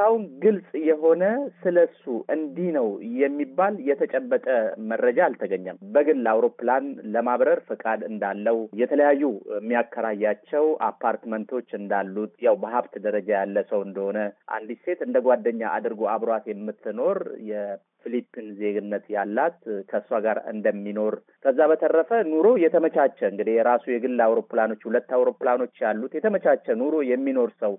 እስካሁን ግልጽ የሆነ ስለሱ እንዲህ ነው የሚባል የተጨበጠ መረጃ አልተገኘም። በግል አውሮፕላን ለማብረር ፈቃድ እንዳለው የተለያዩ የሚያከራያቸው አፓርትመንቶች እንዳሉት ያው በሀብት ደረጃ ያለ ሰው እንደሆነ አንዲት ሴት እንደ ጓደኛ አድርጎ አብሯት የምትኖር ፊሊፒን ዜግነት ያላት ከእሷ ጋር እንደሚኖር ከዛ በተረፈ ኑሮ የተመቻቸ እንግዲህ የራሱ የግል አውሮፕላኖች ሁለት አውሮፕላኖች ያሉት የተመቻቸ ኑሮ የሚኖር ሰው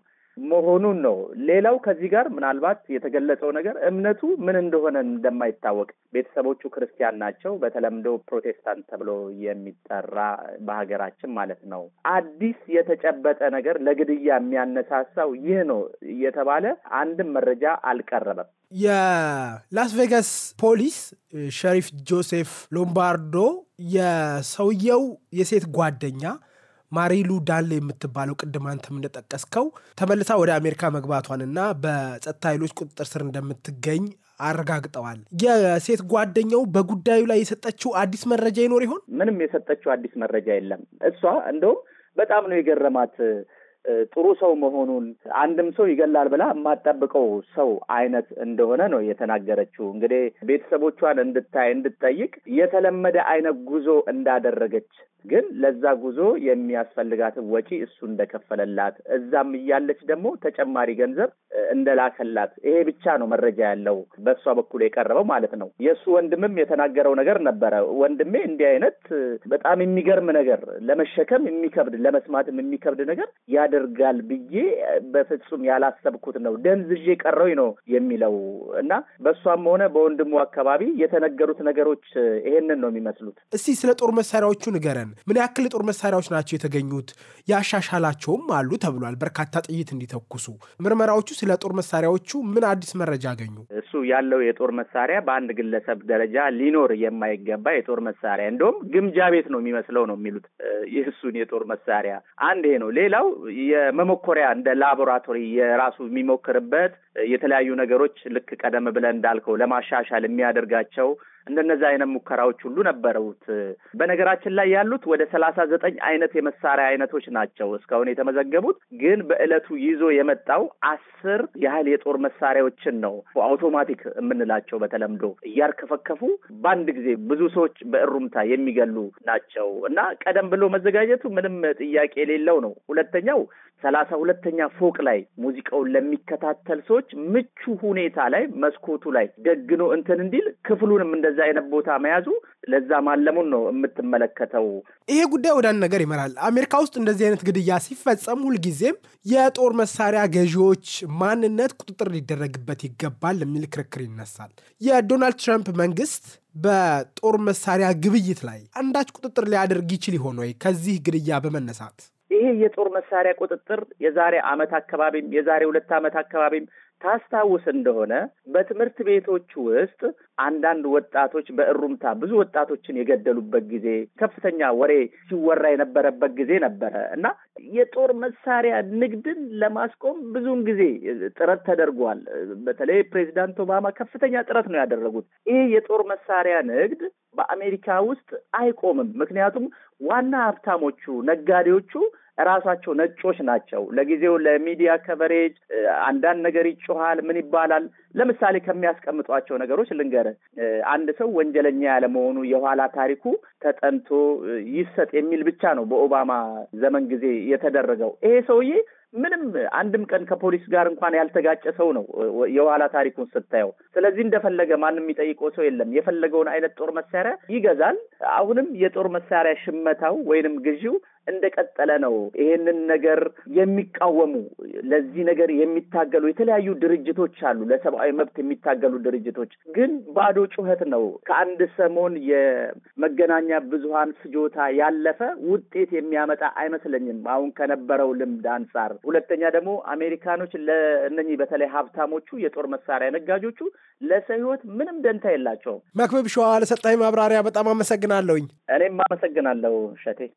መሆኑን ነው። ሌላው ከዚህ ጋር ምናልባት የተገለጸው ነገር እምነቱ ምን እንደሆነ እንደማይታወቅ ቤተሰቦቹ ክርስቲያን ናቸው። በተለምዶ ፕሮቴስታንት ተብሎ የሚጠራ በሀገራችን ማለት ነው። አዲስ የተጨበጠ ነገር ለግድያ የሚያነሳሳው ይህ ነው እየተባለ አንድም መረጃ አልቀረበም። የላስ ቬጋስ ፖሊስ ሸሪፍ ጆሴፍ ሎምባርዶ የሰውየው የሴት ጓደኛ ማሪሉ ዳሌ የምትባለው ቅድም አንተም እንደጠቀስከው ተመልሳ ወደ አሜሪካ መግባቷንና በጸጥታ ኃይሎች ቁጥጥር ስር እንደምትገኝ አረጋግጠዋል። የሴት ጓደኛው በጉዳዩ ላይ የሰጠችው አዲስ መረጃ ይኖር ይሆን? ምንም የሰጠችው አዲስ መረጃ የለም። እሷ እንደውም በጣም ነው የገረማት ጥሩ ሰው መሆኑን አንድም ሰው ይገላል ብላ የማጠብቀው ሰው አይነት እንደሆነ ነው የተናገረችው። እንግዲህ ቤተሰቦቿን እንድታይ እንድትጠይቅ የተለመደ አይነት ጉዞ እንዳደረገች ግን ለዛ ጉዞ የሚያስፈልጋትን ወጪ እሱ እንደከፈለላት እዛም እያለች ደግሞ ተጨማሪ ገንዘብ እንደላከላት ይሄ ብቻ ነው መረጃ ያለው በእሷ በኩል የቀረበው ማለት ነው። የእሱ ወንድምም የተናገረው ነገር ነበረ። ወንድሜ እንዲህ አይነት በጣም የሚገርም ነገር ለመሸከም የሚከብድ ለመስማትም የሚከብድ ነገር ያደርጋል ብዬ በፍጹም ያላሰብኩት ነው ደንዝዤ ቀረውኝ ነው የሚለው እና በእሷም ሆነ በወንድሙ አካባቢ የተነገሩት ነገሮች ይሄንን ነው የሚመስሉት። እስቲ ስለ ጦር መሳሪያዎቹ ንገረን። ምን ያክል የጦር መሳሪያዎች ናቸው የተገኙት? ያሻሻላቸውም አሉ ተብሏል። በርካታ ጥይት እንዲተኩሱ ምርመራዎቹ ስለ ጦር መሳሪያዎቹ ምን አዲስ መረጃ አገኙ? እሱ ያለው የጦር መሳሪያ በአንድ ግለሰብ ደረጃ ሊኖር የማይገባ የጦር መሳሪያ እንደውም ግምጃ ቤት ነው የሚመስለው ነው የሚሉት የእሱን የጦር መሳሪያ አንድ ይሄ ነው። ሌላው የመሞከሪያ እንደ ላቦራቶሪ የራሱ የሚሞክርበት የተለያዩ ነገሮች ልክ ቀደም ብለን እንዳልከው ለማሻሻል የሚያደርጋቸው እንደነዚ አይነት ሙከራዎች ሁሉ ነበሩት። በነገራችን ላይ ያሉት ወደ ሰላሳ ዘጠኝ አይነት የመሳሪያ አይነቶች ናቸው እስካሁን የተመዘገቡት። ግን በእለቱ ይዞ የመጣው አስር ያህል የጦር መሳሪያዎችን ነው አውቶማቲክ የምንላቸው በተለምዶ እያርከፈከፉ በአንድ ጊዜ ብዙ ሰዎች በእሩምታ የሚገሉ ናቸው እና ቀደም ብሎ መዘጋጀቱ ምንም ጥያቄ የሌለው ነው። ሁለተኛው ሰላሳ ሁለተኛ ፎቅ ላይ ሙዚቃውን ለሚከታተል ሰዎች ምቹ ሁኔታ ላይ መስኮቱ ላይ ደግኖ እንትን እንዲል ክፍሉንም እንደዚ እንደዚህ አይነት ቦታ መያዙ ለዛ ማለሙን ነው የምትመለከተው። ይሄ ጉዳይ ወደ አንድ ነገር ይመራል። አሜሪካ ውስጥ እንደዚህ አይነት ግድያ ሲፈጸም ሁልጊዜም የጦር መሳሪያ ገዢዎች ማንነት ቁጥጥር ሊደረግበት ይገባል የሚል ክርክር ይነሳል። የዶናልድ ትራምፕ መንግስት በጦር መሳሪያ ግብይት ላይ አንዳች ቁጥጥር ሊያደርግ ይችል ይሆን ወይ ከዚህ ግድያ በመነሳት? ይሄ የጦር መሳሪያ ቁጥጥር የዛሬ አመት አካባቢም የዛሬ ሁለት ዓመት አካባቢም ታስታውስ እንደሆነ በትምህርት ቤቶች ውስጥ አንዳንድ ወጣቶች በእሩምታ ብዙ ወጣቶችን የገደሉበት ጊዜ ከፍተኛ ወሬ ሲወራ የነበረበት ጊዜ ነበረ እና የጦር መሳሪያ ንግድን ለማስቆም ብዙውን ጊዜ ጥረት ተደርጓል። በተለይ ፕሬዚዳንት ኦባማ ከፍተኛ ጥረት ነው ያደረጉት። ይህ የጦር መሳሪያ ንግድ በአሜሪካ ውስጥ አይቆምም። ምክንያቱም ዋና ሀብታሞቹ ነጋዴዎቹ ራሳቸው ነጮች ናቸው። ለጊዜው ለሚዲያ ከቨሬጅ አንዳንድ ነገር ይጮሃል፣ ምን ይባላል። ለምሳሌ ከሚያስቀምጧቸው ነገሮች ልንገር አንድ ሰው ወንጀለኛ ያለመሆኑ የኋላ ታሪኩ ተጠንቶ ይሰጥ የሚል ብቻ ነው በኦባማ ዘመን ጊዜ የተደረገው። ይሄ ሰውዬ ምንም አንድም ቀን ከፖሊስ ጋር እንኳን ያልተጋጨ ሰው ነው የኋላ ታሪኩን ስታየው። ስለዚህ እንደፈለገ ማንም የሚጠይቀው ሰው የለም። የፈለገውን አይነት ጦር መሳሪያ ይገዛል። አሁንም የጦር መሳሪያ ሽመታው ወይንም ግዢው እንደቀጠለ ነው። ይሄንን ነገር የሚቃወሙ ለዚህ ነገር የሚታገሉ የተለያዩ ድርጅቶች አሉ፣ ለሰብአዊ መብት የሚታገሉ ድርጅቶች ግን ባዶ ጩኸት ነው። ከአንድ ሰሞን የመገናኛ ብዙሃን ፍጆታ ያለፈ ውጤት የሚያመጣ አይመስለኝም አሁን ከነበረው ልምድ አንጻር ሁለተኛ ደግሞ አሜሪካኖች ለእነኚህ በተለይ ሀብታሞቹ የጦር መሳሪያ ነጋጆቹ ለሰው ህይወት ምንም ደንታ የላቸውም። መክብብ ሸዋ ለሰጣኝ ማብራሪያ በጣም አመሰግናለሁኝ። እኔም አመሰግናለሁ ሸቴ።